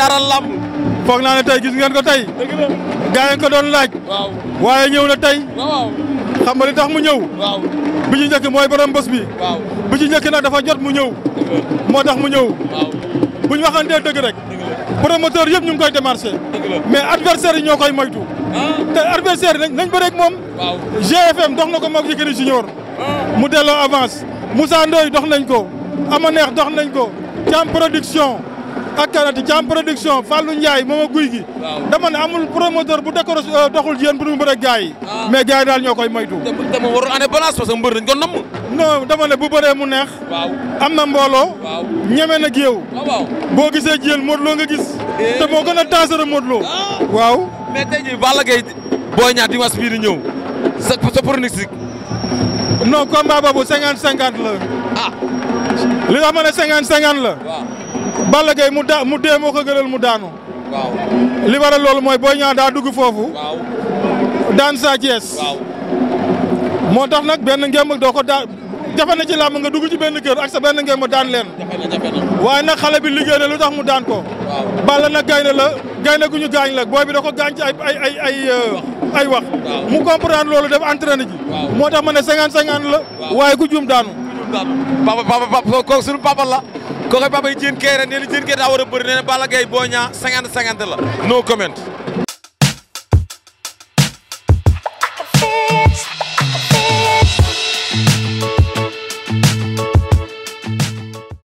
taaral lamb foog naa ne tey gis ngeen ko tay gaa yi ko doon laaj waaye ñëw na tey xam nga li tax mu ñëw bi ci njëkk mooy borom bés bi bi ci njëkk nag dafa jot mu ñëw moo tax mu ñëw bu ñu waxantee dëgg rek promoteur yëpp ñu ngi koy démarché mais adversaire yi ñoo koy moytu ah. te adversaire yi nañ bëreeg moom GFM dox na ko moog Yékini Junior ah. mu delloo avance Moussa Ndoye dox nañ ko Ama Neex dox nañ ko Thiam Production ak kanati ci am production Fallou Ndiaye moom ak guy gi. dama ne amul promoteur bu décor euh, doxul jigéen bu dul mbër ak gars yi. Ah. mais gars yi daal ñoo koy moytu. te te mu warul ko namm. non dama ne bu bëree mu neex. am na mbooloo. ñeme na géew. Ah, boo gisee jigéen Modou Lo nga gis. Eh. te moo gën a taasara Modou Lo. Ah. waaw. mais tey jii Balla boo booy ñaar dimanche bii i ñëw sa sa noo non combat boobu cinquante cinquante la. li nga xam ne cinquante cinquante la. Balla mu da mu dee moo ko gënal mu daanu. li waral loolu mooy booy Niang daa dugg foofu. daan Sa Thiès. moo tax nag benn ngémb doo ko daan jafe na ci làmb nga dugg ci benn kër ak sa benn ngémb daan leen. waaye nag xale bi liggéey na lu tax mu daan ko. Balla nag gaynde la gaynde gu ñu gaañ la booy bi da ko gaañ ci ay ay ay ay. wax mu comprendre loolu def entraîné ji. moo tax ma ne cinquante cinquante la. waaye ku daanu. papa papa papa kooku suñu papa la kooku papa yi jën kay rek nee na jën kay daa war a bëri nee na la no comment.